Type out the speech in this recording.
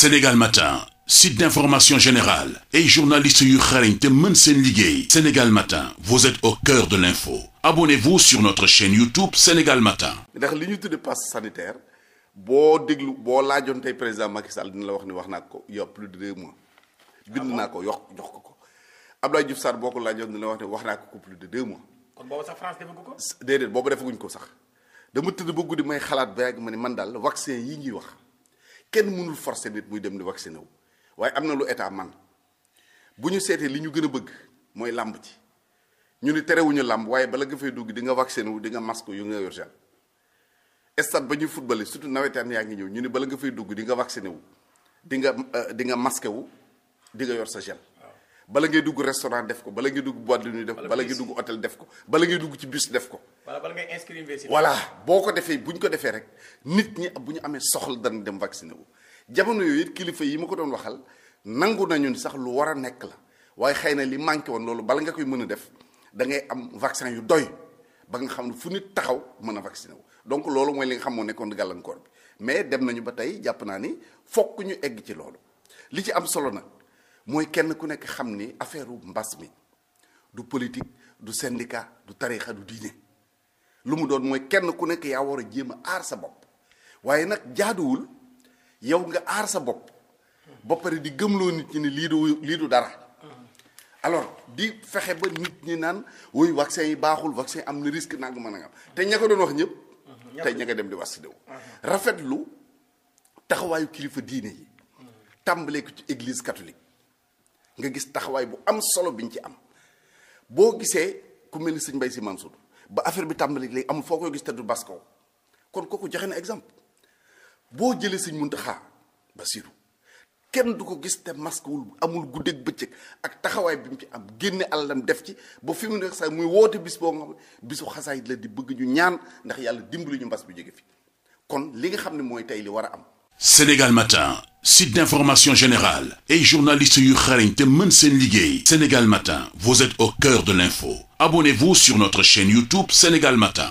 Sénégal Matin site d'information général et journalistes yu xarañ te mën seen liggéey Sénégal Matin vous êtes au cœur de l'info abonnez-vous sur notre chaîne YouTube Sénégal Matin ndax li ñu tudde passe sanitaire boo déglu boo laajoon tey président Macky Sall dina la wax ni wax naa ko il y a bind naa ko yox jox ko ko Abdoulaye Diouf Sarr boo ko laajoon dina la wax ne wax naa ko ko plus de deux sax France defagu ko déedéet boobu defaguñ ko sax dama tëdd ba di may xalaat ba yàgg ne man daal vaccin yi ñuy wax kenn mënul forcer nit muy dem di vacciné wu waaye am na lu état man bu ñu seetee li ñu gën a bëgg mooy làmb ci ñu ni terewuñu làmb waaye bala nga fay dugg di nga vacciné wu di nga masque yu nga yor gel stade ba ñuy footballé surtout nawetaan yaa ngi ñëw ñu ni bala nga fay dugg di nga vacciné wu di nga euh, di nga masqué wu di nga yor sa gel bala ngay dugg restaurant def ko bala ngay dugg boîte de nuit def ko bala ngay hôtel def ko bala ngay dugg ci bus def ko. wala bala ngay inscrire voilà boo ko defee bu ñu ko defee rek nit ñi bu ñu amee soxla dana dem vacciné wu. jamono yooyu it kilifa yi ma ko doon waxal nangu nañu ni sax lu war a nekk la waaye xëy na li manqué woon loolu bala nga koy mën a def da ngay am vaccin yu doy ba nga xam ne fu nit taxaw mën a vacciné wu. donc loolu mooy li nga xam moo nekkoon gàllankoor bi mais dem nañu ba tey jàpp naa ni fokk ñu egg ci loolu li ci am solo nag. mooy kenn ku nekk xam ni affaire mbas mi du politique du syndicat du tarixa du diine lu mu doon mooy kenn ku nekk yaa war a jéem a aar sa bopp waaye nag jaaduwul yow nga aar sa bopp ba pare di loo nit ñi ne lii du lii du dara alors di fexe ba nit ñi naan woy vaccin yi baaxul vaccin am na risque nag mën a am te ña ko doon wax ñëpp tey ña nga dem di vacciné wu uh-huh. rafetlu taxawaayu kilifa diine yi tàmbalee ci église catholique nga gis taxawaay bu am solo biñ ci am boo gisee ku mel ni sëñ Mbaye Sy Mansour ba affaire bi tàmbali léegi amul foo koy gis te du basko kon kooku joxe na exemple boo jëlee sëñ Mountakha Bassirou kenn du ko gis te masque wul amul guddeeg bëccëg ak taxawaay bi ñu ci am génne alalam def ci ba fi mu nekk sax muy woote bis boo nga xam bisu xasaay la di bëgg ñu ñaan ndax yàlla dimbali ñu mbas bu jóge fi kon li nga xam ne mooy tey li war a am. Sénégal Matin. site d'information générale ay journalistes yu xarañ te mën seen liggéey Sénégal Matin vous êtes au cœur de l'info abonnez-vous sur notre chaîne YouTube Sénégal Matin